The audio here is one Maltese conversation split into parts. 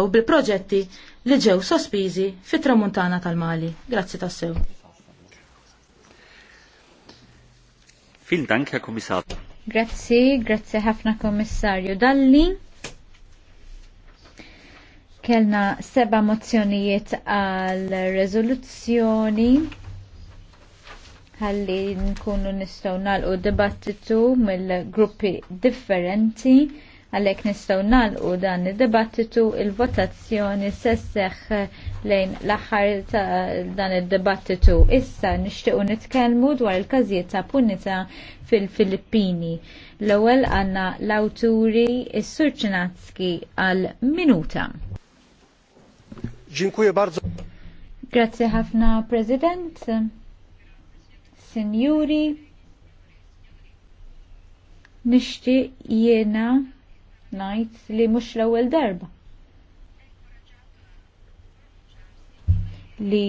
u bil-proġetti li ġew sospiżi fit-tramuntana tal-Mali. Grazzi tassew. Fil dank, komissar. Grazzi, grazzi ħafna komissarju Dalli. Kellna seba mozzjonijiet għal rezoluzzjoni ħalli nkunu nistgħu nagħlqu dibattitu mill-gruppi differenti. Għalek nistaw nalqu dan il-debattitu il-votazzjoni sesseħ lejn l-axar ta' dan il-debattitu. Issa nishtiqu nitkelmu dwar il-kazijiet ta' punita fil-Filippini. L-ewwel għandna l-awturi s-Surċinatski għal minuta. Dziękuję bardzo. Grazie ħafna President, Signori, nishti jena ngħid li mhux l-ewwel darba. Li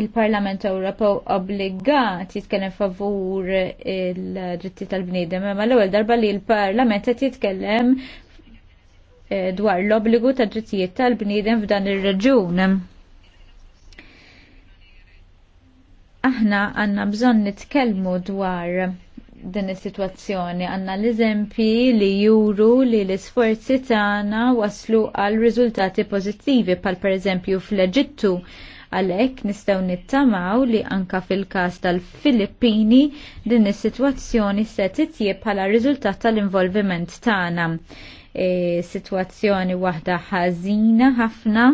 il-Parlament Ewropew obbligat jitkellem favur il-dritti tal-bniedem, imma l-ewwel darba li l-Parlament qed jitkellem eh, dwar l-obbligu ta' drittijiet tal-bniedem f'dan ir-reġun. Aħna għandna bżonn nitkellmu dwar din is-sitwazzjoni għandna l-eżempji li juru li l-isforzi tagħna waslu għal riżultati pożittivi pal pereżempju fl-Eġittu għalhekk nistgħu nittamaw li anka fil-każ tal-Filippini din is-sitwazzjoni se titjieb bħala riżultat tal-involviment tagħna. E, sitwazzjoni waħda ħażina ħafna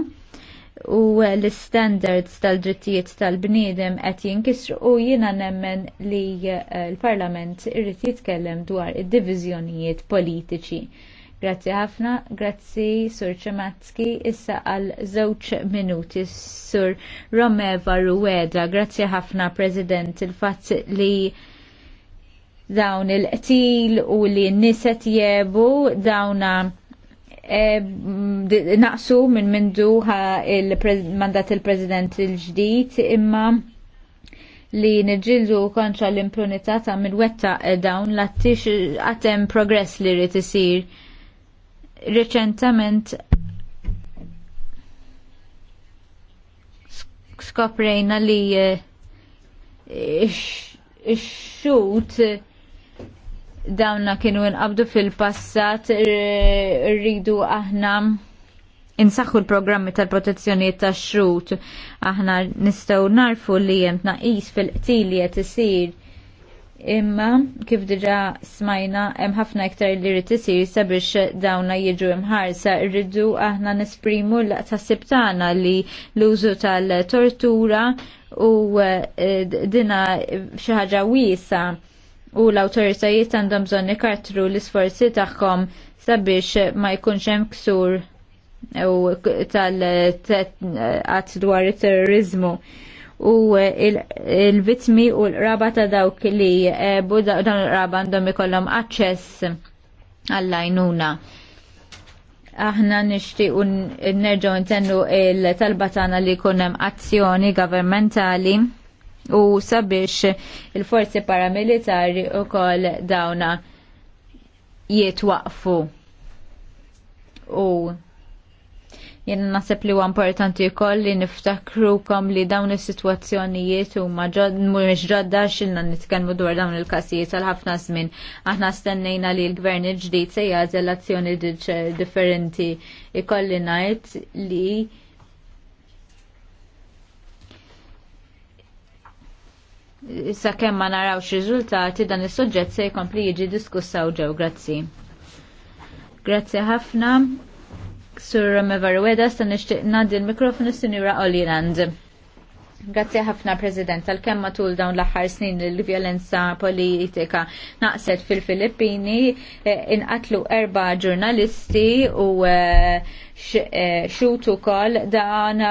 u l-standards tal-drittijiet tal-bniedem qed jinkisru u jiena nemmen li eh, l-Parlament irrid jitkellem dwar id-diviżjonijiet politiċi. Grazzi ħafna, grazzi Sur Ċematski, issa għal żewġ minuti Sur Romeva Rueda, grazzi ħafna President il-fatt li dawn il-qtil u li n-niset jebu dawna Eh, naqsu minn mindu il-mandat il-President il-ġdid imma li nġildu kontra l-impunità ta' minn-wetta eh, dawn l-attix għatem progress li rrit isir. Reċentament skoprejna li eh, ix-xut dawna kienu nqabdu fil-passat rridu aħna insaħħu l-programmi tal-protezzjoni tax-xrut. Aħna nistgħu narfu li hemm tnaqis fil-qtili qed isir imma kif diġa smajna hemm ħafna iktar li rrid isir sabiex dawna jiġu imħarsa rridu aħna nesprimu l-taħsib tagħna li l-użu tal-tortura u eh, dina xi ħaġa wiesa' u l-autoritajiet għandhom bżonn ikartru l-isforzi tagħhom sabiex ma jkunx hemm ksur u tal-qatt dwar it-terrorizmu u il-vitmi u l-raba ta' dawk li e, buda dan l-raba għandhom ikollhom aċċess għall-għajnuna. Aħna nixtieq nerġgħu ntennu il talbatana li jkun hemm azzjoni governmentali u sabiex il-forzi paramilitari u kol dawna jitwaqfu u jenna nasib li importanti koll li niftakru kom li dawn is-sitwazzjonijiet u mhux ġodda xilna nitkellmu dwar dawn il kasijiet għal ħafna żmien. Aħna stennejna li l-gvern il-ġdid se jagħżel azzjoni differenti ikolli ngħid li Issa kemm ma narawx riżultati dan is-suġġett se jkompli jiġi diskussaw ġew grazzi. Grazzi ħafna. Sur Mevarweda sta nixtieq ngħaddi l-mikrofonu Sinjura Oliland. Grazzi ħafna President tal-kemm matul dawn l-aħħar snin l-vjolenza politika naqset fil-Filippini eh, inqatlu erba ġurnalisti u eh, xutu eh, kol dan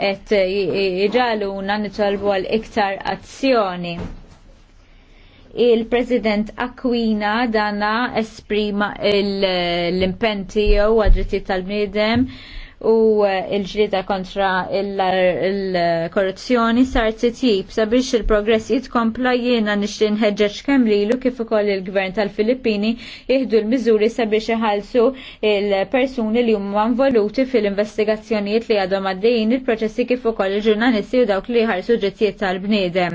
et eh, iġaluna nitolbu għal iktar azzjoni. Il-President Aquina dana esprima l-impenti jew għadriti tal-medem u eh, l-ġlieda kontra il-korruzzjoni sar titjib sabiex il-progress jitkompla jiena nixtieq nħeġġeġ kemm lilu kif ukoll il-gvern tal-Filippini jieħdu l-miżuri sabiex iħallsu il-persuni li huma involuti fil-investigazzjonijiet li għadhom għaddejjin il-proċessi kif ukoll il-ġurnalisti u dawk li ħarsu ġittijiet tal-bniedem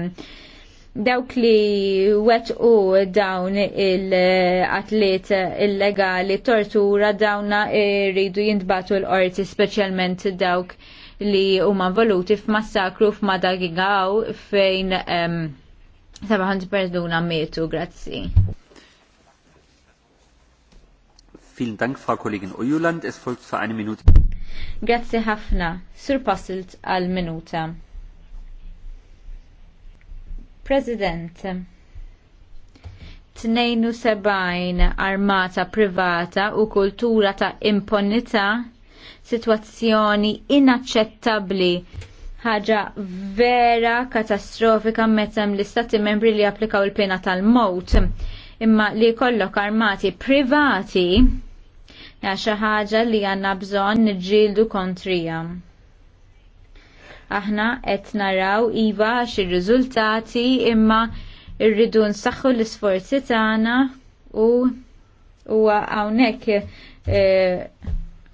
dawk li wet u dawn il-atlet illegali tortura dawna rridu jindbatu l-qorti specialment dawk li huma voluti f'massakru f'Madagigaw fejn um, 700 persuna mietu, grazzi. Vielen Dank, Frau Kollegin Ujuland. Es folgt für eine Minute. Grazie ħafna. Surpasselt għal minuta. President, 72 armata privata u kultura ta' imponita situazzjoni inaċċettabbli ħaġa vera katastrofika metem l-istati membri li applikaw il-pena tal-mot imma li kollok armati privati xi ħaġa li għandna bżonn niġġieldu kontrija. Aħna qed naraw iva għax ir-riżultati imma rridu nsaħħu l-isforzi tagħna u huwa hawnhekk e,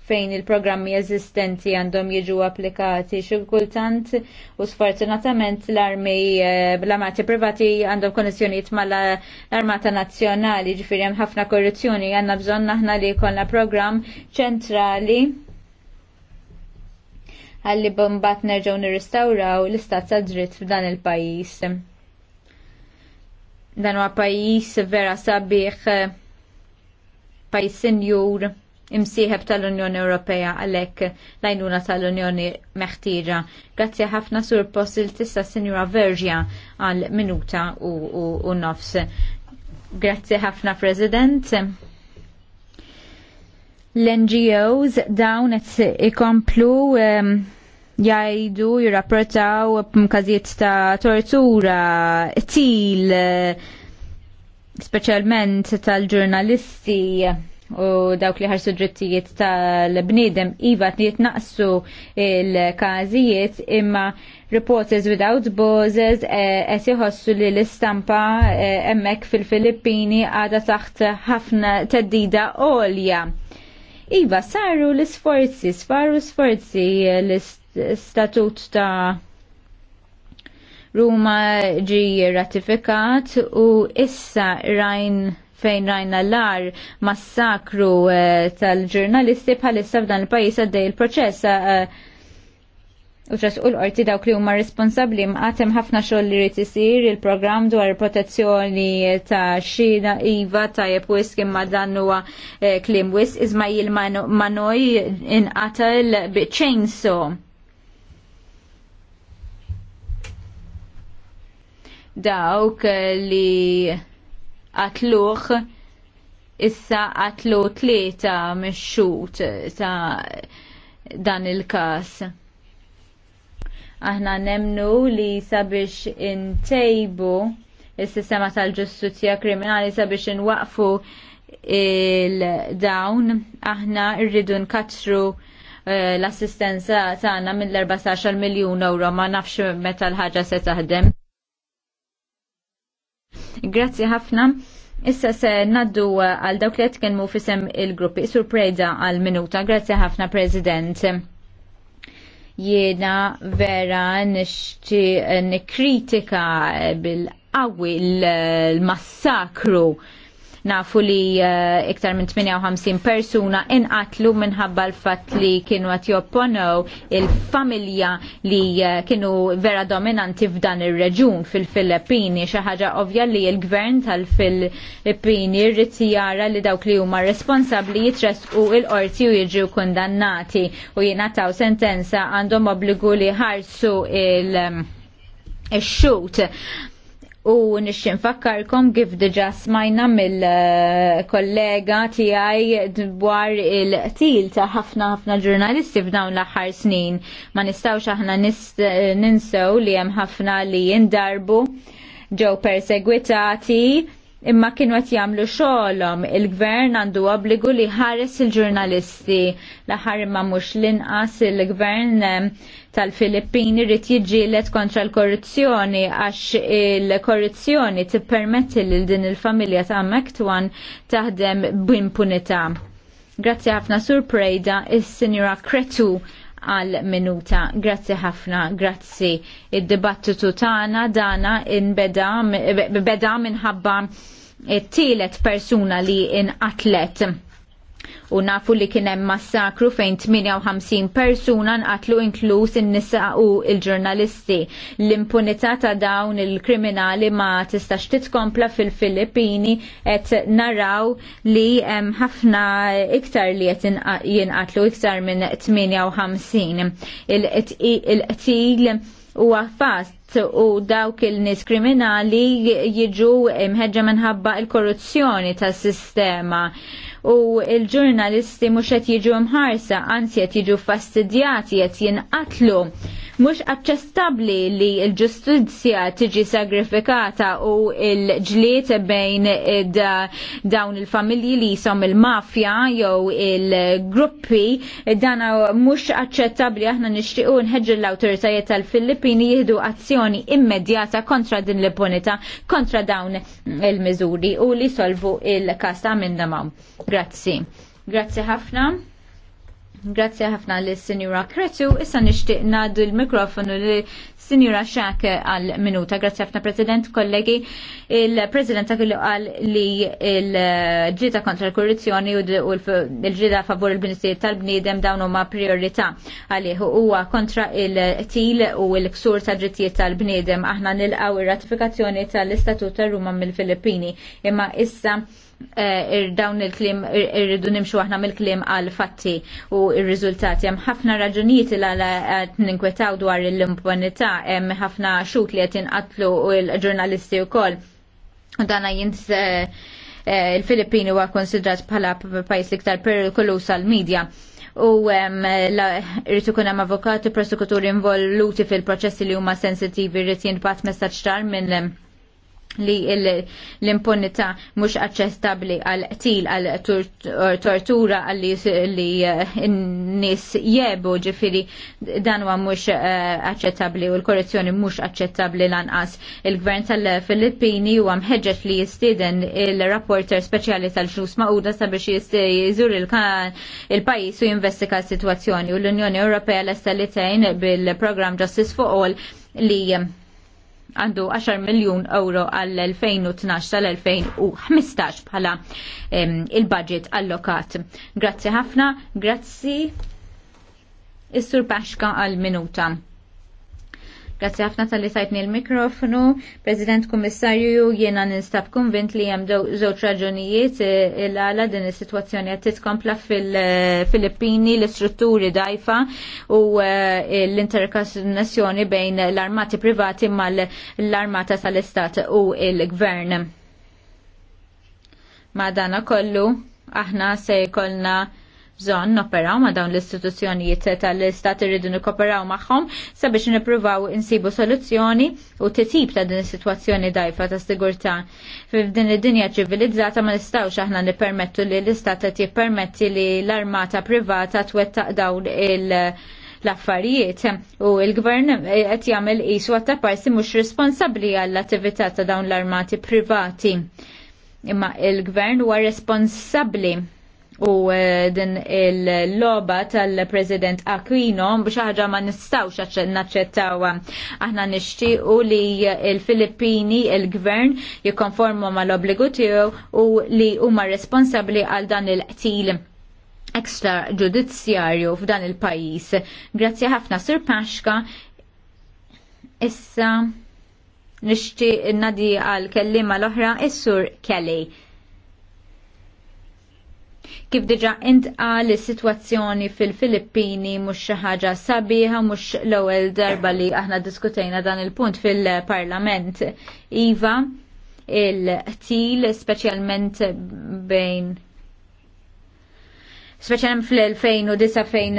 fejn il-programmi eżistenti għandhom jiġu applikati xi kultant u sfortunatament l-armi e, bl armati privati għandhom konnessjonijiet mal-armata nazzjonali ġifieri hemm ħafna korruzzjoni għandna bżonn aħna li jkollna programm ċentrali għalli bombat nerġaw nirrestawraw l-istat ta' dritt f'dan il-pajis. Dan huwa pajis vera sabiħ pajis sinjur imsieħeb tal-Unjoni Ewropea għalhekk l-għajnuna tal-Unjoni meħtieġa. Grazzi ħafna sur il tista Sinjura Verġja għal minuta u, u, u nofs. Grazzi ħafna President. L-NGOs dawn qed ikomplu um, jajdu, jirrapportaw mkazijiet ta' tortura, til, specialment tal-ġurnalisti u dawk li ħarsu drittijiet tal-bnidem iva t jitnaqsu il-kazijiet imma Reporters Without Borders qed e, iħossu li l-istampa e, hemmhekk fil-Filippini għadha taħt ħafna teddida għolja. Iva, saru l-sforzi, sfaru sforzi l-istampa statut ta' Ruma ġi ratifikat u issa rajn fejn rajna l-ar massakru eh, tal-ġurnalisti bħalissa f'dan il-pajis għaddej il-proċess eh, u ċasqu l-qorti dawk li huma responsabbli mqatem ħafna xogħol li rid isir il-programm dwar protezzjoni ta' xina iva tajjeb wisq imma dan huwa eh, klim wisq iżma jil manoj inqatel bi chainsaw. dawk li għatluħ issa għatlu tlieta mix ta' dan il-kas. Aħna nemnu li sabiex intejbu il-sistema tal-ġustizja kriminali sabiex inwaqfu il-dawn, aħna rridu nkatru eh, l-assistenza tagħna mill-14 miljun euro ma nafx meta l-ħaġa se taħdem. Grazzi ħafna. Issa se naddu uh, għal dawk li tkellmu fisem il-gruppi. Surprejda għal minuta. Grazzi ħafna, President. Jiena vera nixti eh, nikritika eh, bil-qawi l-massakru Nafu li uh, iktar minn 58 persuna inqatlu minħabba l-fatt li kienu għat jopponew il-familja li uh, kienu vera dominanti f'dan ir-reġun fil-Filippini. Xi ħaġa ovvja li l-gvern tal-Filippini rrid jara li dawk li huma responsabbli jitresqu il-qorti u jiġu kundannati u jingħataw sentenza għandhom obbligu li ħarsu il- eh, il-xut U nixxin fakkarkom kif diġa smajna mill-kollega tiegħi dwar il til ta' ħafna ħafna ġurnalisti f'dawn l-aħħar snin. Ma nistgħux aħna ninsew li hemm ħafna li jindarbu ġew persegwitati imma kienu qed jagħmlu xogħolhom. Il-gvern għandu obbligu li ħares il-ġurnalisti l-aħħar imma mhux l-inqas il-gvern ehm, tal-Filippini rrid jiġġielet kontra l-korruzzjoni għax il-korruzzjoni tippermetti lil din il-familja ta' Mektwan taħdem b'impunità. Grazzi ħafna Sur Prejda, is-Sinjura Kretu għal minuta. Grazzi ħafna, grazzi. Id-dibattitu tagħna dana inbeda minħabba t-tielet persuna li inqatlet. U nafu li kienem massakru fejn 58 persuna nqatlu inkluż in-nisa u il-ġurnalisti. L-impunità ta' dawn il-kriminali ma tistax titkompla fil-Filippini et naraw li hemm ħafna iktar li qed jinqatlu iktar minn 58. Il-qtil huwa fast u dawk il-nies kriminali jiġu mħeġġa minħabba il-korruzzjoni tas-sistema u il-ġurnalisti mhux qed jiġu mħarsa, anzi qed jiġu fastidjati qed jinqatlu. Mhux aċċettabbli li l-ġustizzja tiġi sagrifikata u l-ġliet bejn dawn il-familji li jisom il-mafja jew il-gruppi dan mhux aċċettabbli aħna nixtiequ nħeġġu l-awtoritajiet tal-Filippini jieħdu azzjoni azzjoni immedjata kontra din l impunita kontra dawn il mizuri u li solvu il kasta minn damaw. Grazzi. Grazzi ħafna. Grazzi ħafna l-Sinjura Kretu, issa nixtieq ngħaddu l mikrofonu li Sinjura Shaq għal minuta, grazzi ħafna President, kollegi. Il-President għal għal li il-ġita kontra l-korruzzjoni u l-ġita favur il-Ministeri tal-Bnidem dawn huma priorità għalih huwa kontra il-til u l-ksur ta' drittijiet tal-Bnidem. Aħna nilqaw ir-ratifikazzjoni tal-Istatut tar-Ruma mill-Filippini imma issa Eh, dawn il-klim irridu nimxu aħna mill-klim għal fatti u il riżultati hemm ħafna raġunijiet li qed ninkwetaw dwar l-impunità hemm ħafna xut li qed inqatlu u l-ġurnalisti wkoll. U dana jins eh, eh, il-Filippini huwa konsidrat bħala pajjiż l-iktar perikolus għal-medja u rritu ikun hemm avukati prosekuturi involuti fil-proċessi li huma sensitivi rrit jinbat messaġġ tar minn li l-impunita mux aċċettabli għal til għal tortura għal li eh, n-nis jebu ġifiri dan huwa mux eh, aċċettabli u l-korruzzjoni mux aċċettabli lanqas. Il-gvern tal-Filippini huwa mħeġġeġ li jistiden il-rapporter speċjali tal-ġnus maquda sabiex jizur il-pajis u jinvestika s-situazzjoni u l-Unjoni Ewropea l estalitajn bil-program Justice for All li eh, għandu 10 miljun euro għall-2012 tal-2015 bħala il-budget allokat. Grazzi ħafna, grazzi. Is-sur Paxka għal-minuta. Grazzi ħafna tal-li sajtni l-mikrofonu. President Kummissarju, jiena ninstab konvint li hemm żewġ raġunijiet eh, il-għala din is-sitwazzjoni qed titkompla fil-Filippini eh, l-istrutturi dajfa u eh, l-interkonnessjoni bejn l-armati privati mal-armata tal-Istat u l-Gvern. Ma dana kollu aħna se jkollna bżonn noperaw ma' dawn l-istituzzjonijiet tal-istat irridu nikoperaw magħhom sabiex nippruvaw insibu soluzzjoni u t-tip ta' din is-sitwazzjoni dajfa ta' sigurtà. F'din id-dinja ċivilizzata ma nistgħux aħna nippermettu li l-istat qed jippermetti li l-armata privata twettaq dawn il- l-affarijiet u l-gvern qed jagħmel qisu għatta parsi mhux responsabbli għall-attività ta' dawn l-armati privati imma il-gvern huwa responsabbli u eh, din il-loba tal-President Aquino biex ħaġa ma nistawx naċċettaw Aħna nixtiequ li il-Filippini il-gvern jikkonformu mal-obbligu tiegħu u li huma responsabbli għal dan il-qtil ekstra ġudizzjarju f'dan il-pajis. Grazzi ħafna Sir Paxka. Issa nixtieq nadi għal kellima l-oħra is-Sur Kelly. Kif diġa intqal is-sitwazzjoni fil-Filippini mhux xi ħaġa sabiħa mhux l-ewwel darba li aħna diskutejna dan il-punt fil-Parlament. Iva, il ħtil speċjalment bejn speċjalment fl-2009 fejn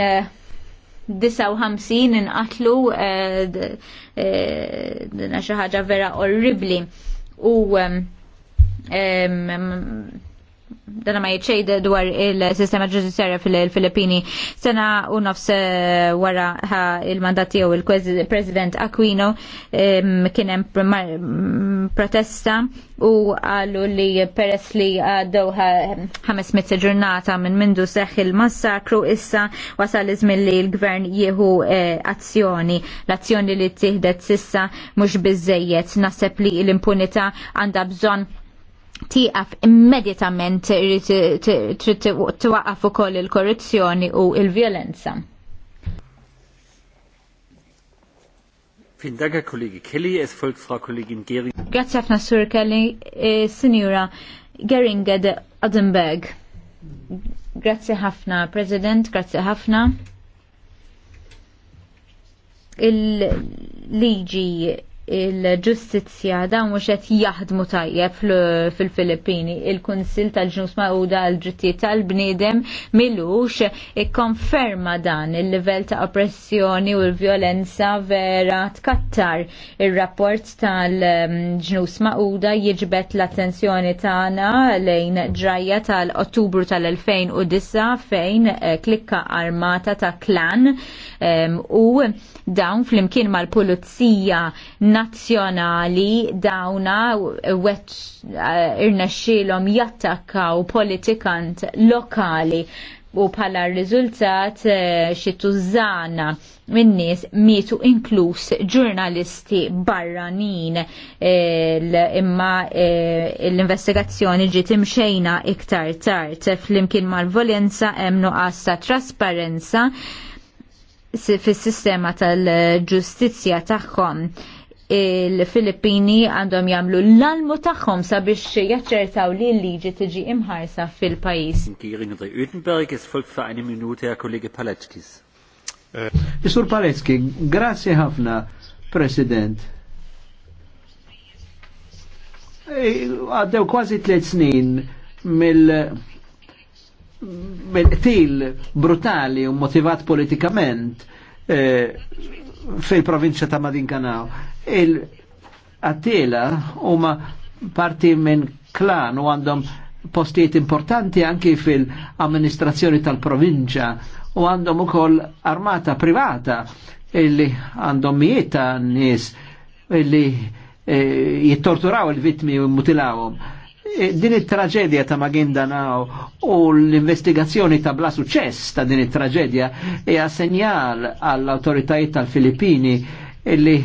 59 eh, inqatlu eh, eh, dina xi ħaġa vera orribli u ehm, ehm, dana ma jitxejde dwar il-sistema ġudizzjarja fil-Filippini sena u nofs eh, wara il-mandat tiegħu il-President Aquino kien hemm protesta u għallu li peress li għaddew 500 ġurnata minn mindu seħħ il-massakru issa wasal izmin li l-gvern jieħu eh, azzjoni. L-azzjoni li t-tihdet sissa mhux bizzejiet naħseb li l-impunità għandha bżonn tiqaf immedjatament trid u ukoll il-korruzzjoni u il-vjolenza. Grazie ħafna Sur Kelly, e, Signora Geringa de Adenberg. Grazie ħafna, President, grazie ħafna. Il-liġi il-ġustizja dan mhux qed jaħdmu tajjeb fil-Filippini. Il-Kunsil tal-Ġnus Mawda għal-ġittijiet tal-bniedem milux ikkonferma dan il-livell ta' oppressjoni u l-vjolenza vera tkattar. Ir-rapport tal-Ġnus Mawda jiġbet l-attenzjoni tagħna lejn ġrajja tal-Ottubru tal-2009 fejn eh, klikka armata ta' klan u dawn flimkien mal-pulizija nazzjonali dawna wet eh, irnexxilhom jattakkaw politikant lokali u bħala riżultat eh, xi tużana min-nies mietu inkluż ġurnalisti barranin eh, imma l-investigazzjoni ġiet imxejna iktar tard flimkien mal-volenza hemm nuqqas ta' trasparenza fis-sistema tal-ġustizzja tagħhom il-Filippini għandhom jagħmlu l-almu tagħhom sabiex jaċċertaw li l-liġi tiġi imħarsa fil-pajjiż. Utenberg fa' Paleckis. Eh, Isur Palecki, grazzi ħafna, President. Eh, għaddew kważi tliet snin mill mill-til brutali u motivat politikament eh, fil provinċa ta' Madinkanaw. Il-Attila huma parti minn klan u għandhom postijiet importanti anki fil-amministrazzjoni tal provinċa u għandhom ukoll armata privata illi għandhom mieta nis illi e, jittorturaw il-vitmi u mutilawhom Eh, din it-traġedja ta' Magindanaw u l-investigazzjoni ta' bla suċess ta' din it-traġedja hija segnal għall-autoritajiet tal-Filippini li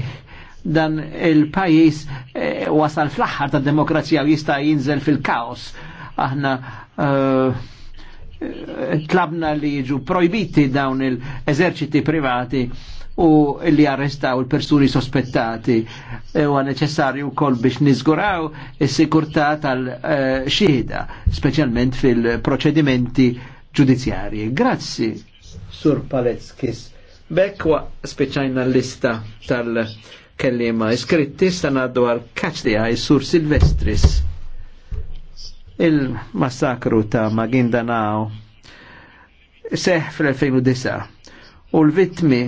dan il-pajis e, wasal fl-aħħar ta' demokrazija u jista' jinżel fil-kaos. Aħna uh, tlabna li jiġu projbiti dawn il-eżerċiti privati u li arrestaw il-persuni sospettati U e huwa neċessarju kol biex nizguraw il-sikurta tal xieda specialment fil-proċedimenti ġudizzjarji. Grazzi, Sur Paleckis. Bekwa speċajna l-lista tal-kellima iskritti sanaddu dwar kaċ għaj Sur Silvestris. Il-massakru ta' Magindanao seħ fl-2009 u l-vitmi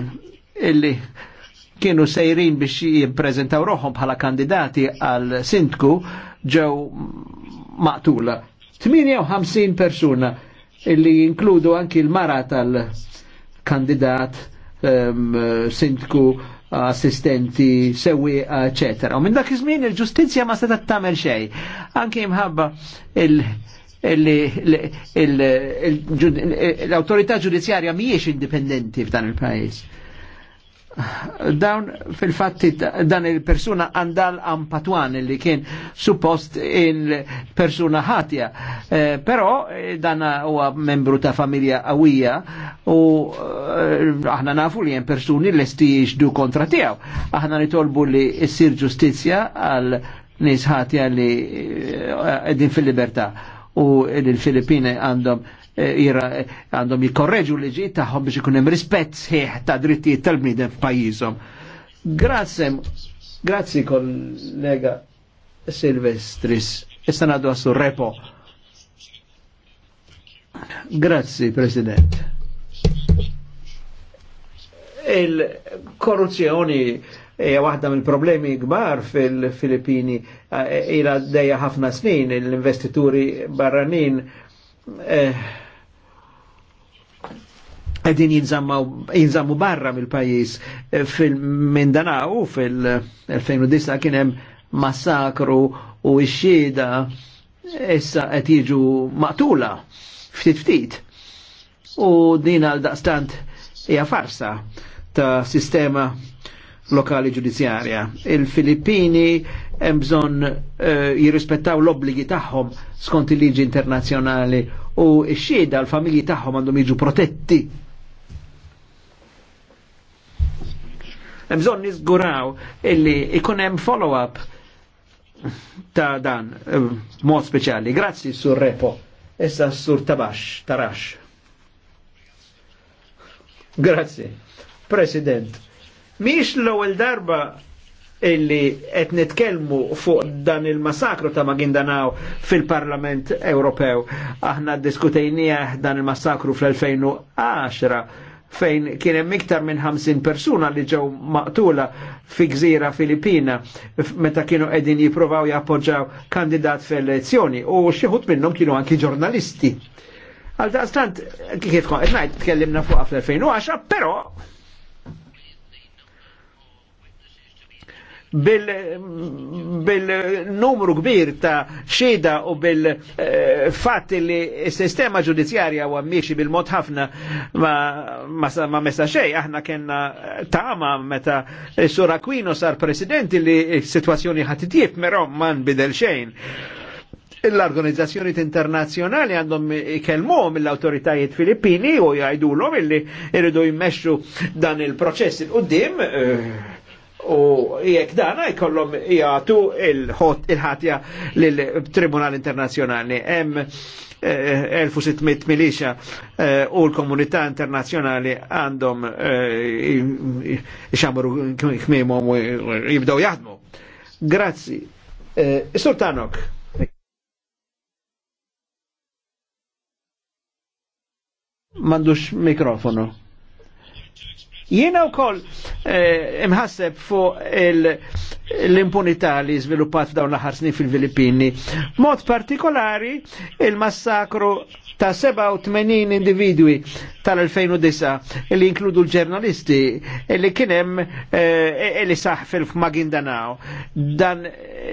illi kienu sejrin biex jipprezentaw roħom bħala kandidati għal sindku ġew maqtula. 58 persuna illi jinkludu anki l-mara tal-kandidat um, sindku assistenti, sewi, eccetera. U minn dak iż-żmien il ġustizja ma setat tagħmel xejn. Anke imħabba il- l awtorità ġudizzjarja mhijiex indipendenti f'dan il-pajjiż dawn fil-fatti dan il-persuna għandal Ampatwan li kien suppost il-persuna ħatja. Eh, però eh, dan huwa membru ta' familja għawija u eh, aħna nafu li jen persuni l esti jiexdu kontra tijaw. Aħna nitolbu li ssir ġustizja għal nisħatja li għedin eh, fil-libertà u l filippine għandhom Eh, jira eh, għandhom jikorreġu liġi tagħhom biex ikun hemm rispett sħiħ ta' drittijiet tal-bniedem f'pajjiżhom. Grazie, grazzi kollega Silvestris. Issa ngħadu għassu repo. Grazzi, President. Il-korruzzjoni hija waħda mill-problemi kbar fil-Filippini eh, ila dejja ħafna snin l-investituri barranin eh, għedin jinżammu barra mill-pajis eh, fil-Mindanaw fil-2009 kienem massakru u x-xieda issa qed jiġu maqtula ftit ftit. U din għal daqstant hija farsa ta' sistema lokali ġudizzjarja. Il-Filippini hemm bżonn uh, jirrispettaw l-obbligi tagħhom skont il-liġi internazzjonali u x-xieda l-familji tagħhom għandhom jiġu protetti Bżon nizguraw illi ikunem follow-up ta' dan eh, mod speċjali. Grazzi sur Repo. Issa sur Tabax, Tarax. Grazzi. President, miex l-ewwel darba illi qed nitkellmu fuq dan il-massakru ta' Magindanaw fil-Parlament Ewropew. Aħna diskutejnija dan il-massakru fl-2010 fejn kien hemm iktar minn 50 persuna li ġew maqtula fi gżira Filippina meta kienu qegħdin jippruvaw jappoġġaw kandidat fl-elezzjoni u xi ħut minnhom kienu anki ġurnalisti. Għal daqstant, kif qed ngħid tkellimna fuq fl-2010, però bil-numru kbir ta' xeda u bil-fat eh, li s-sistema ġudizzjarja u għammiexi bil-mod ħafna ma messa xej, aħna kena tama meta s-sura kwino sar presidenti li situazzjoni ħatitjib, mero man bidel xejn l-organizzazzjoni internazjonali għandhom ikelmu mill autoritajiet Filippini u jgħidulhom illi irridu jmexxu dan il-proċess il qudiem eh, u jek dan jkollhom eh, jgħatu il-ħatja l tribunal Internazjonali. Hemm 1600 eh, milixa eh, u l-komunità internazjonali għandhom ixamru kmimhom u jibdow jaħdmu. Grazzi. Sultanok. Mandux mikrofonu. Jiena wkoll koll eh, imħasseb fuq l-impunità li żviluppat f'dawn l ħar snin fil-Filippini. Mod partikolari il-massakru ta' 87 individwi tal-2009 li inkludu l-ġurnalisti li kienem eh, e li fil-Magindanao. Dan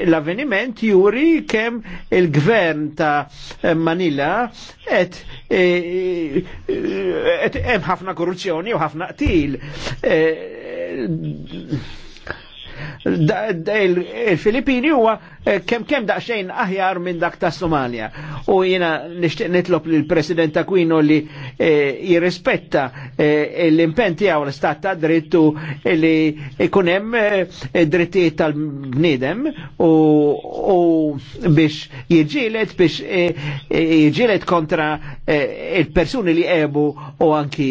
l-avveniment juri kem il-gvern ta' Manila eh, eh, et hemm ħafna korruzzjoni u ħafna qtil E, il-Filippini huwa eh, kem kem daqxejn aħjar minn dak ta' Somalia. U jiena nixtieq nitlob l President Aquino li eh, jirrispetta eh, l impen tiegħu l-istat ta' drittu li ikun hemm drittijiet tal-bniedem u biex jiġilet biex jiġilet kontra il-persuni li ebu u anki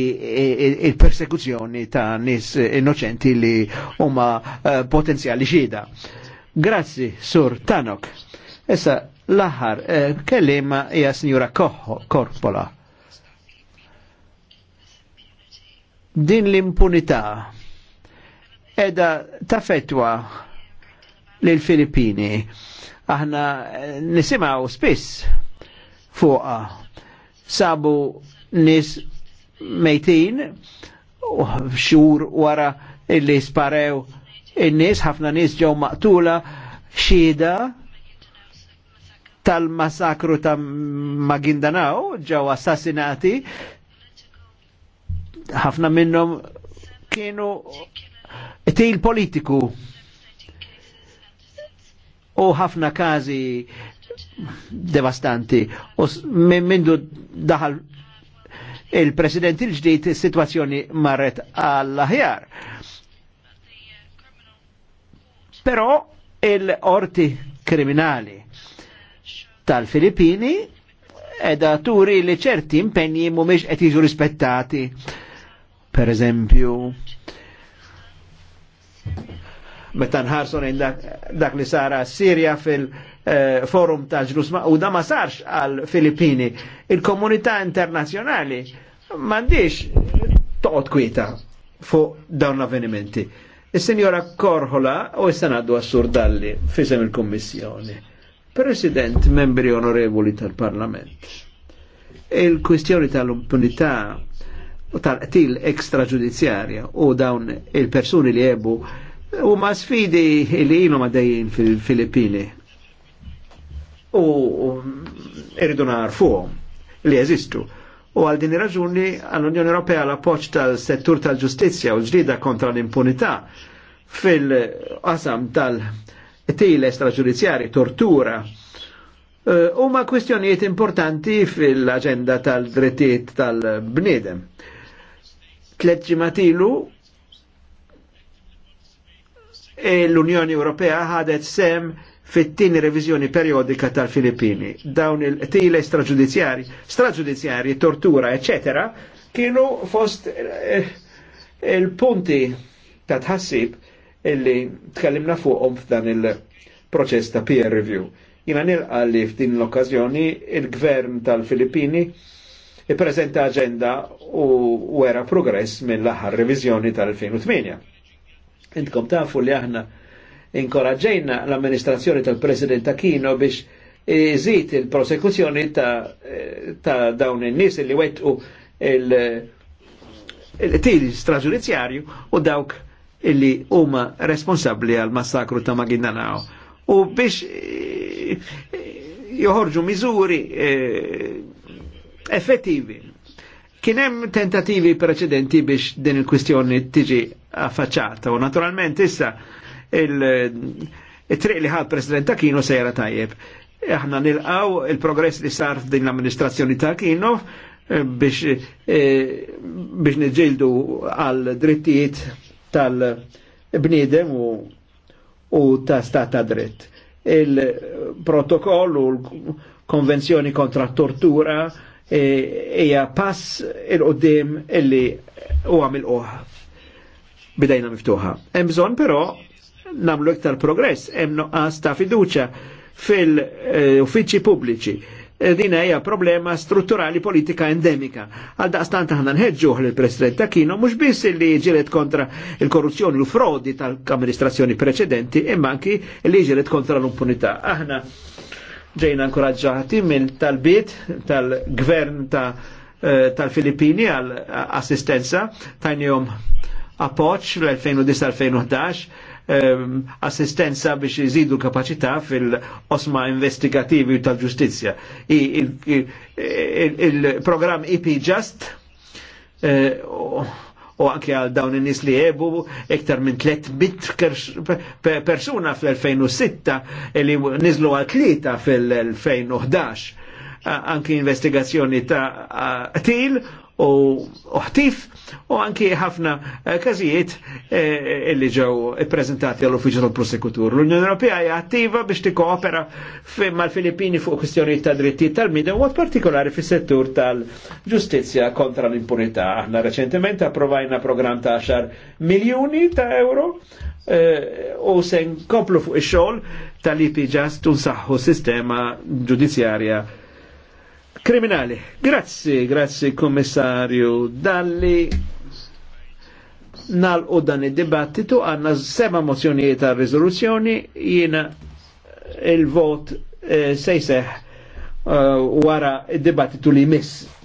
il-persekuzzjoni ta' nis innoċenti li huma potenzjali potenzjali ġida. Grazzi, Sur Tanok. Issa, l-aħħar, eh, kellima hija Sinjura Korpola. Din l-impunità edha tafetwa l filippini Aħna eh, nisimaw spiss fuqa sabu nis mejtin oh, xur wara illi sparew in-nies, ħafna nies ġew maqtula xhieda tal-massakru ta' Magindanaw ġew assassinati ħafna minnhom kienu til politiku u ħafna każi devastanti u mindu daħal il-president il-ġdijt situazzjoni marret għall-ħjar. Però il-orti kriminali tal-Filippini edha turi li ċerti impegni mumiex qed jiġu rispettati. Per eżempju, meta nħarsu dak, dak li sara Sirja fil-forum eh, tal-ġnus u da ma sarx għal-Filippini. Il-komunità internazjonali mandiġ toqgħod kwieta fuq dawn l-avvenimenti. Il-Senjora Korhola u s-Senaddu Assurdalli fisem il-Kommissjoni. President, membri onorevoli tal-Parlament, il-kwistjoni tal-impunità u tal-qtil ekstraġudizzjarja u dawn il-persuni li ebu u ma sfidi li ma għadajin fil-Filippini u irridu narfu li jazistu. U għal din raġuni għall-Unjoni Ewropea l-appoġġ tal-settur tal-ġustizzja u l-ġdida kontra l-impunità fil-qasam tal-tiles tal tortura, eh, huma uh, kwistjonijiet importanti fil-aġenda tal-drittijiet tal-bniedem. Tlet ġimatilu eh, l-Unjoni Ewropea ħadet sem fit-tieni reviżjoni periodika tal-Filippini. Dawn il-tile straġudizjari, straġudizjari, tortura, eccetera, kienu fost eh, il-punti ta' tħassib illi tkellimna fuqhom f'dan il-proċess ta' peer review. Jina nilqa li f'din l-okkazjoni il-gvern tal-Filippini prezenta agenda u wera progress mill-aħħar reviżjoni tal-2008. Intkom tafu li aħna inkoraġġejna l-amministrazzjoni tal-President Aquino biex iżid il-prosekuzzjoni ta', ta dawn in-nies li wettqu il-til straġudizzjarju u dawk illi huma responsabbli għal massakru ta' Magindanao. U biex eh, joħorġu miżuri eh, effettivi. Kien hemm tentativi preċedenti biex din il-kwistjoni tiġi affaċċata u naturalment issa il-triq li ħad President Kino sejra tajjeb. Aħna nilqaw il-progress li sar din l-amministrazzjoni ta' eh, biex eh, biex nġildu għal drittijiet tal bnidem u, u ta' stat ta' dritt. Il-protokoll u l-konvenzjoni kontra tortura eh, hija e, pass il-qoddim illi u għamil uħ Bidajna miftuħa. Hemm bżonn però namlu iktar progress, hemm noqqas ta' fiduċa fil-uffiċċji pubbliċi. E, din hija problema strutturali politika endemika. Għal daqstant aħna nħeġġu l-President ta' mhux biss li ġilet kontra il-korruzzjoni u frodi tal-amministrazzjoni preċedenti, imma anki li ġiret kontra l-impunità. Aħna ġejna nkoraġġati mill tal-bit tal-gvern ta' e, tal-Filippini għal assistenza tajnijom appoċ l-2010-2011 Ehm, assistenza biex iżidu kapacità fil-osma investigativi tal-ġustizja. Il-program IP Just u eh, anke għal dawn in-nies li jebu iktar minn 300 persuna fl-2006 li nizlu għal tlieta fil-2011 anki investigazzjoni ta' til u uħtif u anki ħafna eh, kazijiet eh, illi ġew prezentati għall uffiċju tal-Prosekutur. L-Unjoni Ewropea hija attiva biex tikkoopera mal-Filippini fuq kwistjonijiet ta' drittijiet tal midja u partikolari fis-settur tal-ġustizzja kontra l-impunità. Aħna reċentement approvajna programm ta' 10 miljuni ta' euro eh, u se nkomplu fuq ix-xogħol tal-IP Just saħħu sistema ġudizzjarja kriminali. Grazzi, grazzi kommissarju Dalli. u dan id-dibattitu għanna sema mozzjonijiet ta' rizoluzzjoni jina il-vot eh, sejseħ eh, wara id-dibattitu li miss.